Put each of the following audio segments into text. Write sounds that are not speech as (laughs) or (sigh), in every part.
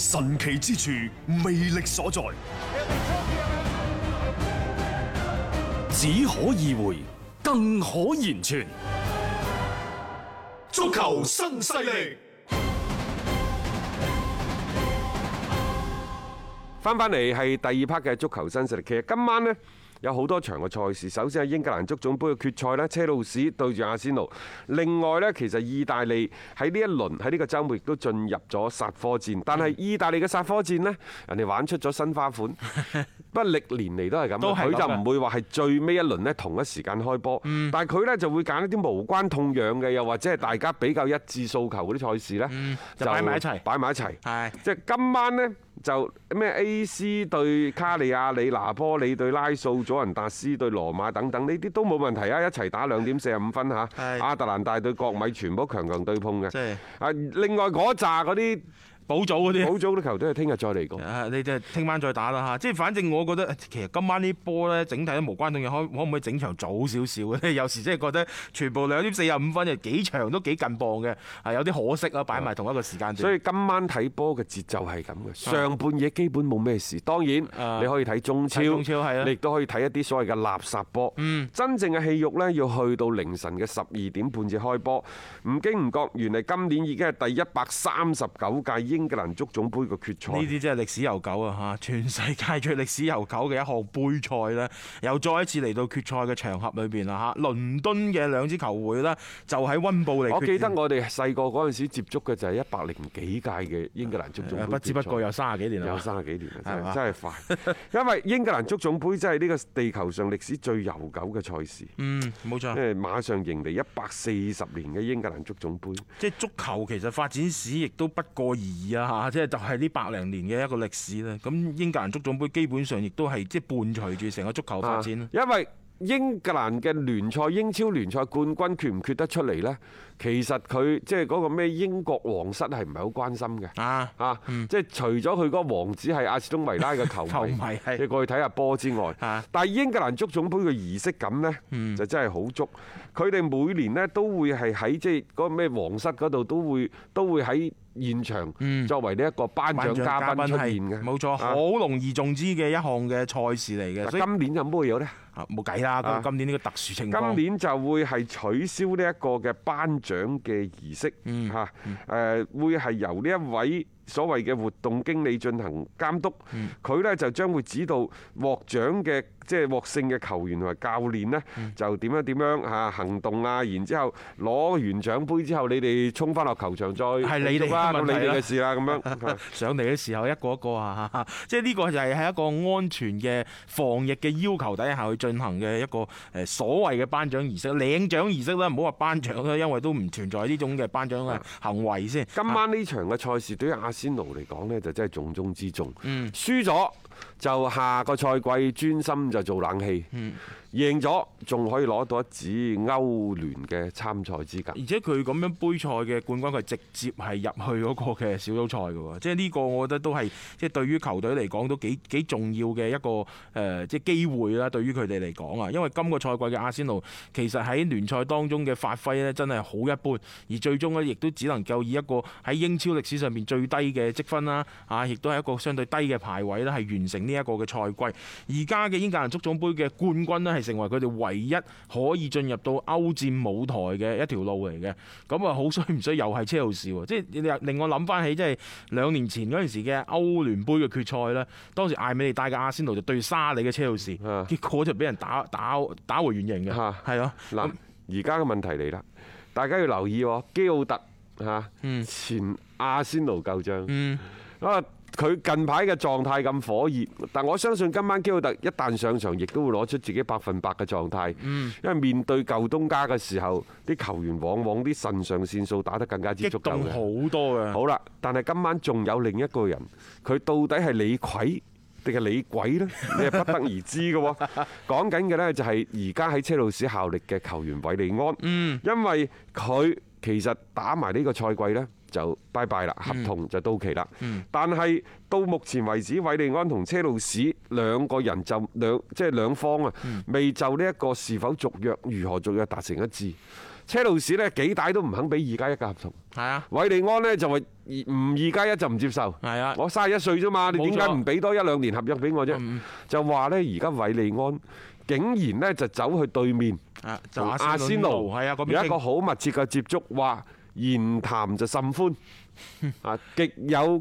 神奇之處，魅力所在，只可意會，更可言傳。足球新勢力，翻返嚟係第二 part 嘅足球新勢力。其實今晚呢。有好多場嘅賽事，首先喺英格蘭足總杯嘅決賽咧，車路士對住阿仙奴。另外呢，其實意大利喺呢一輪喺呢個週末亦都進入咗殺科戰。但係意大利嘅殺科戰呢，人哋玩出咗新花款，不力年嚟都係咁。佢就唔會話係最尾一輪咧同一時間開波，嗯、但係佢呢，就會揀一啲無關痛癢嘅，又或者係大家比較一致訴求嗰啲賽事呢，嗯，就擺埋一齊，擺埋一齊。即係對 今晚呢。就咩 AC 對卡利亞里、拿波利對拉素、佐人達斯對羅馬等等，呢啲都冇問題啊！一齊打兩點四十五分嚇。是的 亞特蘭大對國米，全部強強對碰嘅。啊，另外嗰扎嗰啲。補早啲，補早啲球都係聽日再嚟講。啊，你就聽晚再打啦嚇，即係反正我覺得其實今晚啲波呢，整體都無關痛癢，可可唔可以整場早少少？有時真係覺得全部兩點四十五分，又幾長都幾近磅嘅，有啲可惜啊！擺埋同一個時間。所以今晚睇波嘅節奏係咁嘅，上半夜基本冇咩事。當然你可以睇中超，呃、中超係啦，你亦都可以睇一啲所謂嘅垃圾波。嗯、真正嘅戲肉呢，要去到凌晨嘅十二點半至開波。唔經唔覺，原嚟今年已經係第一百三十九屆英格蘭足總杯嘅決賽，呢啲真係歷史悠久啊！吓，全世界最歷史悠久嘅一項杯賽呢，又再一次嚟到決賽嘅場合裏邊啦！吓，倫敦嘅兩支球會呢，就喺溫布利，我記得我哋細個嗰陣時接觸嘅就係一百零幾屆嘅英格蘭足總杯，不知不覺有三十幾年，有三十幾年，吧真係快！因為英格蘭足總杯真係呢個地球上歷史最悠久嘅賽事，冇錯、嗯，因為馬上迎嚟一百四十年嘅英格蘭足總杯，即係足球其實發展史亦都不過二。呀！即係就係呢百零年嘅一個歷史啦。咁英格蘭足總杯基本上亦都係即係伴隨住成個足球發展，啊、因為英格蘭嘅聯賽英超聯賽冠軍決唔決得出嚟呢？其實佢即係嗰個咩英國皇室係唔係好關心嘅？啊啊！即係除咗佢嗰個王子係阿士東維拉嘅球迷，你過去睇下波之外，但係英格蘭足總杯嘅儀式感咧，就真係好足。佢哋每年咧都會係喺即係嗰個咩皇室嗰度都會都會喺現場作為呢一個頒獎嘉賓出現嘅。冇錯，好隆而重之嘅一項嘅賽事嚟嘅。今年有冇嘢咧？啊，冇計啦！今年呢個特殊情況，今年就會係取消呢一個嘅頒獎。獎嘅儀式嚇，誒、嗯嗯、會係由呢一位所謂嘅活動經理進行監督。佢呢、嗯、就將會指導獲獎嘅。即係獲勝嘅球員同埋教練呢，就點樣點樣啊行動啊！然之後攞完獎杯之後，你哋衝翻落球場再係你哋嘅問題你哋嘅事啦。咁樣 (laughs) 上嚟嘅時候一個一個啊！即係呢個就係喺一個安全嘅防疫嘅要求底下去進行嘅一個誒所謂嘅頒獎儀式、領獎儀式啦。唔好話頒獎啦，因為都唔存在呢種嘅頒獎嘅行為先。今晚呢場嘅賽事對於阿仙奴嚟講呢，就真係重中之重。嗯，輸咗。就下個賽季專心就做冷氣。嗯贏咗仲可以攞到一紙歐聯嘅參賽資格，而且佢咁樣杯賽嘅冠軍，佢直接係入去嗰個嘅小組賽嘅喎，即係呢個我覺得都係即係對於球隊嚟講都幾幾重要嘅一個誒即係機會啦。對於佢哋嚟講啊，因為今個賽季嘅阿仙奴其實喺聯賽當中嘅發揮呢，真係好一般，而最終呢，亦都只能夠以一個喺英超歷史上邊最低嘅積分啦，啊，亦都係一個相對低嘅排位啦，係完成呢一個嘅賽季。而家嘅英格蘭足總杯嘅冠軍呢，係成為佢哋唯一可以進入到歐戰舞台嘅一條路嚟嘅，咁啊好衰唔衰，又係車路士喎，即係令我諗翻起，即係兩年前嗰陣時嘅歐聯杯嘅決賽啦。當時艾美利帶嘅阿仙奴就對沙利嘅車路士，結果就俾人打打打回原形嘅。吓，係咯。咁而家嘅問題嚟啦，大家要留意基奧特吓，前阿仙奴舊將。嗯。啊、嗯。佢近排嘅狀態咁火熱，但我相信今晚基奧特一旦上場，亦都會攞出自己百分百嘅狀態。因為面對舊東家嘅時候，啲球員往往啲腎上腺素打得更加之足夠嘅。好多嘅。好啦，但係今晚仲有另一個人，佢到底係李逵定係李鬼呢？你係不得而知嘅喎。講緊嘅呢，就係而家喺車路士效力嘅球員韋利安。因為佢其實打埋呢個賽季呢。就拜拜啦，合同就到期啦。嗯、但係到目前為止，韋利安同車路士兩個人就兩即係、就是、兩方啊，嗯、未就呢一個是否續約、如何續約達成一致。車路士呢幾大都唔肯俾二加一嘅合同。係是的 韋利安呢就話唔二加一就唔接受。係啊是的，我三十一歲啫嘛，你點解唔俾多一兩年合約俾我啫？嗯、就話呢而家韋利安竟然呢就走去對面阿，阿仙奴，有一個好密切嘅接觸，話。言談就甚歡，啊，極有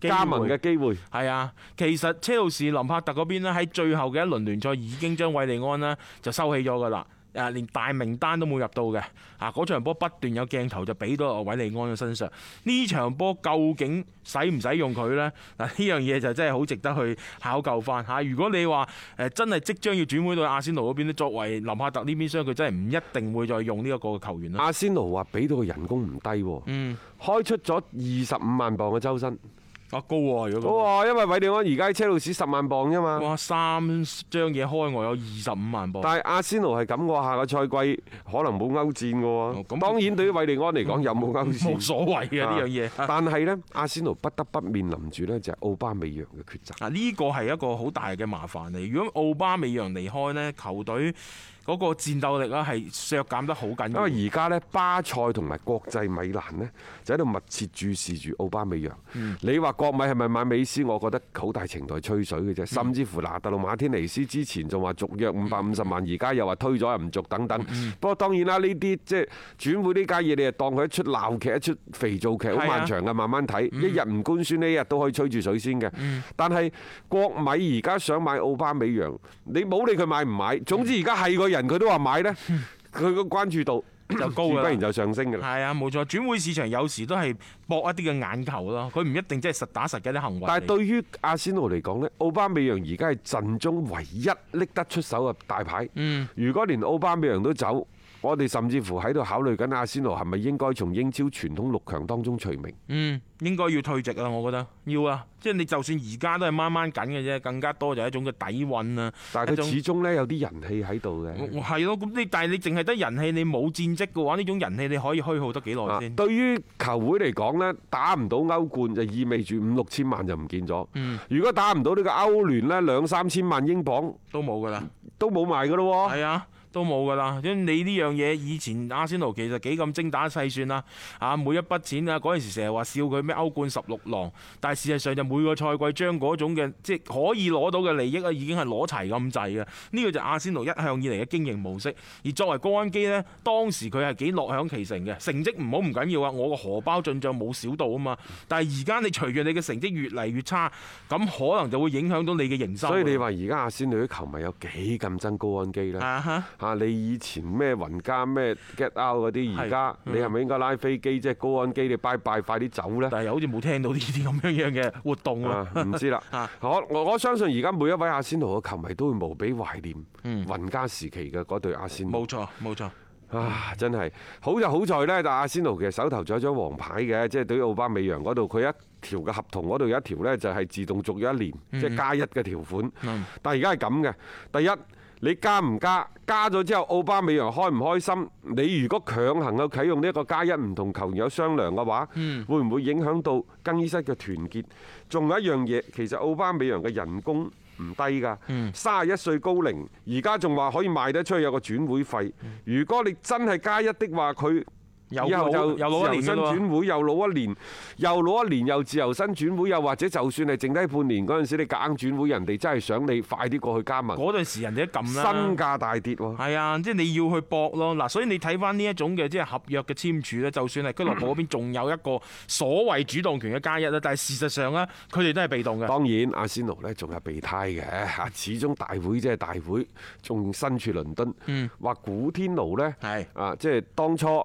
加盟嘅機會。係啊，其實車路士、林柏特嗰邊咧，喺最後嘅一輪聯賽已經將韋利安啦就收起咗噶啦。啊！連大名單都冇入到嘅啊！嗰場波不斷有鏡頭就俾到韋利安嘅身上。呢場波究竟使唔使用佢呢？嗱，呢樣嘢就真係好值得去考究翻嚇。如果你話誒真係即將要轉會到阿仙奴嗰邊，作為林柏特呢邊廂，佢真係唔一定會再用呢一個球員。阿仙奴話俾到個人工唔低，嗯，開出咗二十五萬磅嘅周薪。啊高啊，如果哇，因為韋利安而家車路士十萬磅啫嘛。哇，三張嘢開外有二十五萬磅。但係阿仙奴係咁嘅，下個賽季可能冇歐戰嘅。哦，咁。當然對於韋利安嚟講，有冇歐戰冇所謂嘅呢樣嘢。但係呢，阿仙奴不得不面臨住呢就係奧巴美揚嘅抉擇。啊，呢個係一個好大嘅麻煩嚟。如果奧巴美揚離開呢，球隊嗰個戰鬥力呢係削減得好緊。因為而家呢，巴塞同埋國際米蘭呢，就喺度密切注視住奧巴美揚。你話？國米係咪買美斯？我覺得好大程度係吹水嘅啫，嗯、甚至乎拿特路，馬天尼斯之前仲話續約五百五十萬，而家、嗯、又話推咗又唔續等等。嗯、不過當然啦，呢啲即係轉會呢家嘢，你係當佢一出鬧劇，一出肥皂劇，好漫長嘅，慢慢睇、嗯。一日唔官宣，呢一日都可以吹住水先嘅。但係國米而家想買奧巴美揚，你冇理佢買唔買。總之而家係個人，佢都話買呢，佢個關注度。就高啦，不然就上升嘅。係啊，冇錯，轉會市場有時都係搏一啲嘅眼球咯，佢唔一定真係實打實嘅啲行為。但係對於阿仙奴嚟講咧，奧巴美揚而家係陣中唯一拎得出手嘅大牌。嗯，如果連奧巴美揚都走我哋甚至乎喺度考慮緊阿仙奴係咪應該從英超傳統六強當中除名？嗯，應該要退席啊。我覺得要啊。即係你就算而家都係掹掹緊嘅啫，更加多就係一種嘅底蘊啊、嗯。但係佢始終咧有啲人氣喺度嘅。係咯，咁你但係你淨係得人氣，你冇戰績嘅話，呢種人氣你可以虛耗得幾耐先？對於球會嚟講咧，打唔到歐冠就意味住五六千萬就唔見咗。嗯，如果打唔到呢個歐聯咧，兩三千萬英鎊都冇噶啦，都冇埋噶咯喎。係啊。都冇噶啦，因為你呢樣嘢，以前阿仙奴其實幾咁精打細算啦，啊每一筆錢啊，嗰陣時成日話笑佢咩歐冠十六郎，但係事實上就每個賽季將嗰種嘅即係可以攞到嘅利益啊已經係攞齊咁滯嘅，呢個就阿仙奴一向以嚟嘅經營模式。而作為高安基呢，當時佢係幾樂享其成嘅，成績唔好唔緊要啊，我個荷包進帳冇少到啊嘛。但係而家你隨住你嘅成績越嚟越差，咁可能就會影響到你嘅營收。所以你話而家阿仙奴啲球迷有幾咁憎高安基呢？Uh huh. 嚇！你以前咩雲加咩 get out 嗰啲，而家你係咪應該拉飛機啫？即係高安機你拜拜快啲走咧！但係好似冇聽到呢啲咁樣樣嘅活動啊、嗯。唔知啦。我我相信而家每一位阿仙奴嘅球迷都會無比懷念雲加時期嘅嗰隊阿仙奴。冇、嗯、錯，冇錯。啊！真係好就好在呢。就阿仙奴其實手頭仲有張黃牌嘅，即係對於奧巴美揚嗰度，佢一條嘅合同嗰度有一條呢，就係自動續一年，即係加一嘅條款。但係而家係咁嘅，第一。你加唔加？加咗之後，奧巴美揚開唔開心？你如果強行去啟用呢一個加一，唔同球員有商量嘅話，嗯、會唔會影響到更衣室嘅團結？仲有一樣嘢，其實奧巴美揚嘅人工唔低㗎，三十一歲高齡，而家仲話可以賣得出去有個轉會費。如果你真係加一嘅話，佢。以後就又老一年身轉會，又老一年，又老一年，又，一年又自由身轉會，又或者就算係剩低半年嗰陣時，你夾硬轉會，人哋真係想你快啲過去加盟嗰陣時人都，人哋一咁啦，身價大跌喎，係啊，即係你要去搏咯嗱。所以你睇翻呢一種嘅即係合約嘅簽署咧，就算係俱樂部嗰邊仲有一個所謂主動權嘅加一啦，我但係事實上咧，佢哋都係被動嘅。當然，阿仙奴呢，仲有備胎嘅，始終大會即係大會，仲身處倫敦，話古天奴咧，啊，即係當初。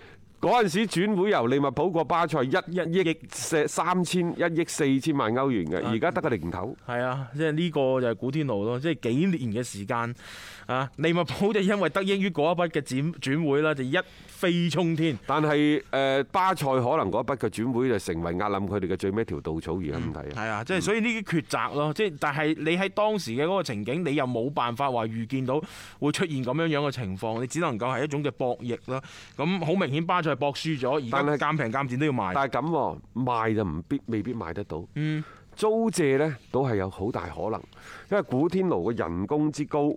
嗰陣時轉會由利物浦過巴塞，一一億三千一億四千萬歐元嘅，而家得個零頭係啊，啊，即係呢個就係古天奴咯，即係幾年嘅時間啊！利物浦就因為得益於嗰一筆嘅轉轉會啦，就一飛沖天。但係誒、呃、巴塞可能嗰一筆嘅轉會就成為壓冧佢哋嘅最屘一條稻草而咁睇。係、嗯、啊，即係所以呢啲抉擇咯，即係、嗯、但係你喺當時嘅個情景，你又冇辦法話預見到會出現咁樣樣嘅情況，你只能夠係一種嘅博弈啦。咁好明顯巴塞。係博輸咗，而但係鑑平鑑賤都要賣。但係咁喎，賣就唔必未必賣得到。嗯，租借呢都係有好大可能，因為古天奴嘅人工之高，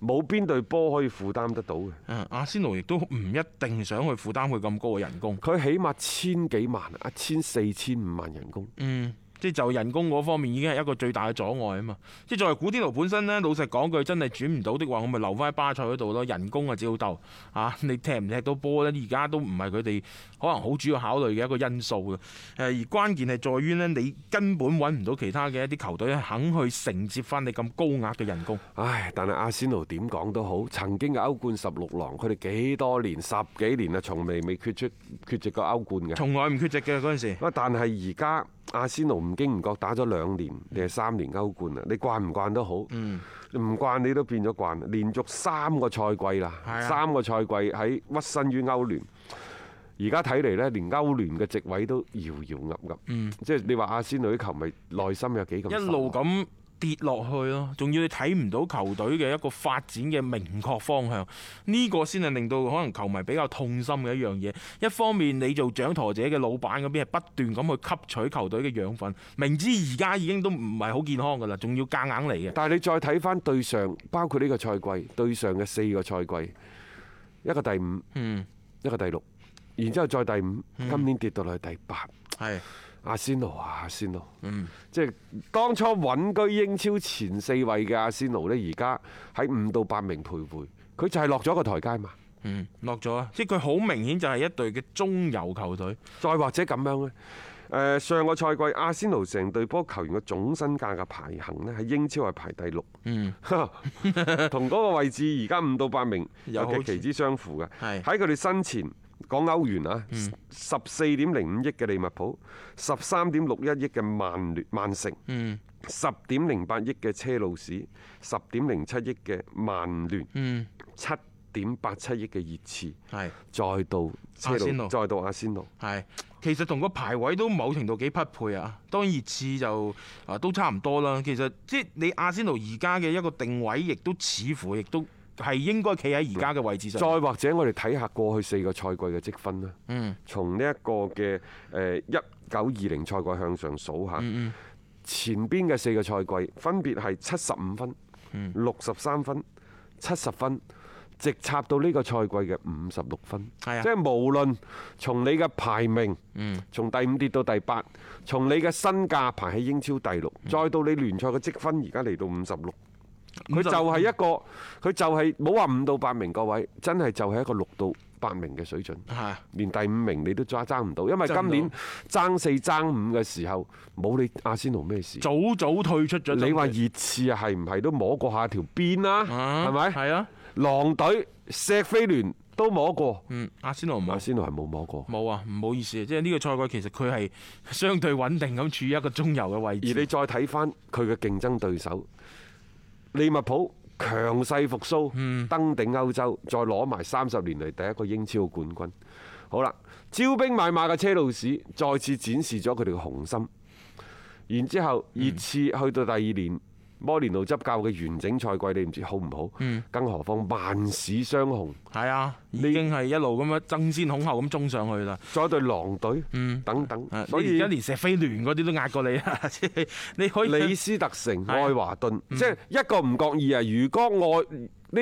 冇邊對波可以負擔得到嘅。嗯、啊，阿仙奴亦都唔一定想去負擔佢咁高嘅人工。佢起碼千幾萬，一千四千五萬人工。嗯。即係就人工嗰方面已經係一個最大嘅阻礙啊嘛！即係作為古天奴本身咧，老實講句，真係轉唔到的話，我咪留翻喺巴塞嗰度咯。人工啊，只好斗啊，你踢唔踢到波咧？而家都唔係佢哋可能好主要考慮嘅一個因素啊。誒，而關鍵係在於咧，你根本揾唔到其他嘅一啲球隊肯去承接翻你咁高額嘅人工。唉，但係阿仙奴點講都好，曾經嘅歐冠十六郎，佢哋幾多年十幾年啊，從未未缺出缺席過歐冠嘅，從來唔缺席嘅嗰陣時。但係而家。阿仙奴唔經唔覺打咗兩年定係三年歐冠啊！你慣唔慣都好，唔慣你都變咗慣。連續三個賽季啦，三個賽季喺屈身於歐聯，而家睇嚟咧，連歐聯嘅席位都搖搖噏噏。嗯，即係你話阿仙奴啲球迷內心有幾咁一路咁。跌落去咯，仲要你睇唔到球隊嘅一個發展嘅明確方向，呢、這個先係令到可能球迷比較痛心嘅一樣嘢。一方面，你做掌舵者嘅老闆嗰邊係不斷咁去吸取球隊嘅養分，明知而家已經都唔係好健康㗎喇，仲要夾硬嚟嘅。但係你再睇返對上，包括呢個賽季對上嘅四個賽季，一個第五，嗯，一個第六，然之後再第五，嗯、今年跌到落去第八，係。阿仙奴啊，阿仙奴，嗯，即係當初穩居英超前四位嘅阿仙奴呢，而家喺五到八名徘徊，佢就係落咗個台階嘛，嗯，落咗啊，即係佢好明顯就係一隊嘅中游球隊，再或者咁樣呢，誒，上個賽季阿仙奴成隊波球員嘅總身價嘅排行呢，喺英超係排第六，嗯，同嗰個位置而家五到八名有極其之相符嘅，喺佢哋身前。講歐元啊，十四點零五億嘅利物浦，十三點六一億嘅曼，曼聯、曼城，十點零八億嘅車路士，十點零七億嘅曼聯，七點八七億嘅熱刺，係再到車路再到阿仙奴。係，其實同個排位都某程度幾匹配啊。當然熱刺就啊都差唔多啦。其實即係你阿仙奴而家嘅一個定位，亦都似乎亦都。係應該企喺而家嘅位置上。再或者，我哋睇下過去四個賽季嘅積分啦。嗯。從呢一個嘅誒一九二零賽季向上數下，前邊嘅四個賽季分別係七十五分、六十三分、七十分，直插到呢個賽季嘅五十六分。係啊。即係無論從你嘅排名，嗯，從第五跌到第八，從你嘅身價排喺英超第六，再到你聯賽嘅積分而家嚟到五十六。佢就係一個，佢就係冇話五到八名各位，真係就係一個六到八名嘅水準，係啊、連第五名你都揸爭唔到，因為今年爭四爭五嘅時候，冇你阿仙奴咩事。早早退出咗。你話熱刺啊，係唔係都摸過下條邊啦？係咪？係啊，吧係啊狼隊、錫菲聯都摸過。阿仙奴唔。阿仙奴係冇摸過。冇啊，唔好意思，即係呢個賽季其實佢係相對穩定咁處於一個中游嘅位置。而你再睇翻佢嘅競爭對手。利物浦強勢復蘇，登頂歐洲，再攞埋三十年嚟第一個英超冠軍。好啦，招兵買馬嘅車路士再次展示咗佢哋嘅雄心。然之後，熱刺去到第二年，摩連奴執教嘅完整賽季，你唔知好唔好？嗯，更何況曼市雙雄。係啊，已經係一路咁樣爭先恐後咁衝上去啦。再對狼隊，等等。嗯、所以而家連石飛聯嗰啲都壓過你啦。 (laughs) 你可以李斯特城、的愛華頓，嗯、即係一個唔覺意啊！如果愛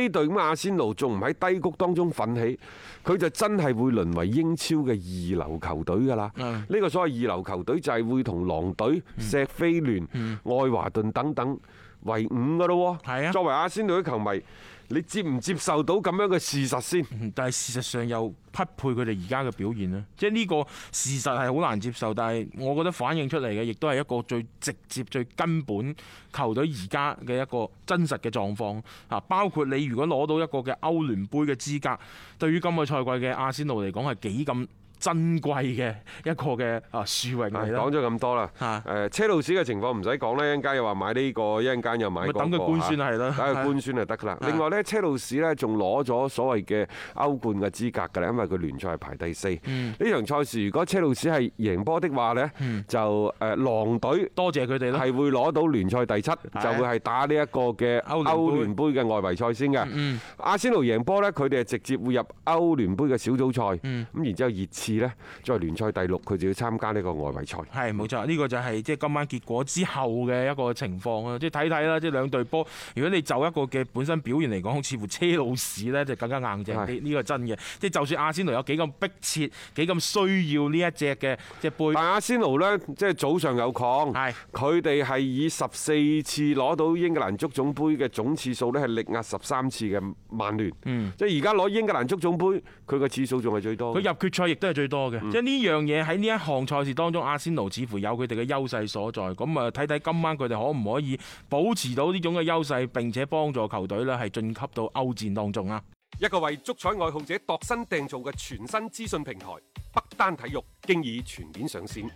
呢隊咁阿仙奴仲唔喺低谷當中奮起，佢就真係會淪為英超嘅二流球隊噶啦。呢、嗯、個所謂二流球隊就係會同狼隊、石飛聯、嗯嗯、愛華頓等等。為五噶咯喎，係啊！作為阿仙奴嘅球迷，你接唔接受到咁樣嘅事實先？但係事實上又匹配佢哋而家嘅表現咧，即係呢個事實係好難接受，但係我覺得反映出嚟嘅，亦都係一個最直接、最根本球隊而家嘅一個真實嘅狀況啊！包括你如果攞到一個嘅歐聯杯嘅資格，對於今個賽季嘅阿仙奴嚟講係幾咁？珍貴嘅一個嘅啊殊榮，講咗咁多啦。誒車路士嘅情況唔使講啦，一陣間又話買呢個，一陣間又買嗰個，等佢官宣係咯，等佢官宣就得噶啦。另外咧，車路士咧仲攞咗所謂嘅歐冠嘅資格噶啦，因為佢聯賽係排第四。呢場賽事如果車路士係贏波的話咧，就誒狼隊多謝佢哋咯，係會攞到聯賽第七，就會係打呢一個嘅歐聯杯嘅外圍賽先嘅。阿仙奴贏波咧，佢哋係直接會入歐聯杯嘅小組賽。咁然之後熱刺，事咧，再聯賽第六，佢就要參加呢個外圍賽。係冇錯，呢、呢個就係即係今晚結果之後嘅一個情況啦。即係睇睇啦，即係兩隊波。如果你就一個嘅本身表現嚟講，似乎車路士呢，就更加硬淨。呢呢是個真嘅。即係就算阿仙奴有幾咁迫切、幾咁需要呢一隻嘅隻杯，阿仙奴呢，即、就、係、是、早上有抗。係是，佢哋係以十四次攞到英格蘭足總杯嘅總次數呢係力壓十三次嘅曼聯。嗯、即係而家攞英格蘭足總杯，佢個次數仲係最多。佢入決賽亦都係。最多嘅，即係呢樣嘢喺呢一項賽事當中，阿仙奴似乎有佢哋嘅優勢所在。咁啊，睇睇今晚佢哋可唔可以保持到呢種嘅優勢，並且幫助球隊咧係晉級到歐戰當中啊！一個為足彩愛好者度身訂做嘅全新資訊平台北單體育，經已全面上線。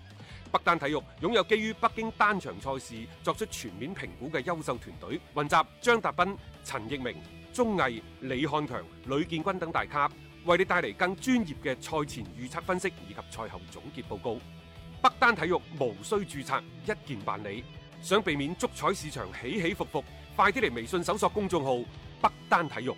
北單體育擁有基於北京單場賽事作出全面評估嘅優秀團隊，雲集張達斌、陳奕明、鍾毅、李漢強、呂建軍等大咖。為你帶嚟更專業嘅賽前預測分析，以及賽後總結報告。北單體育無需注冊，一鍵辦理。想避免足彩市場起起伏伏，快啲嚟微信搜索公眾號北單體育。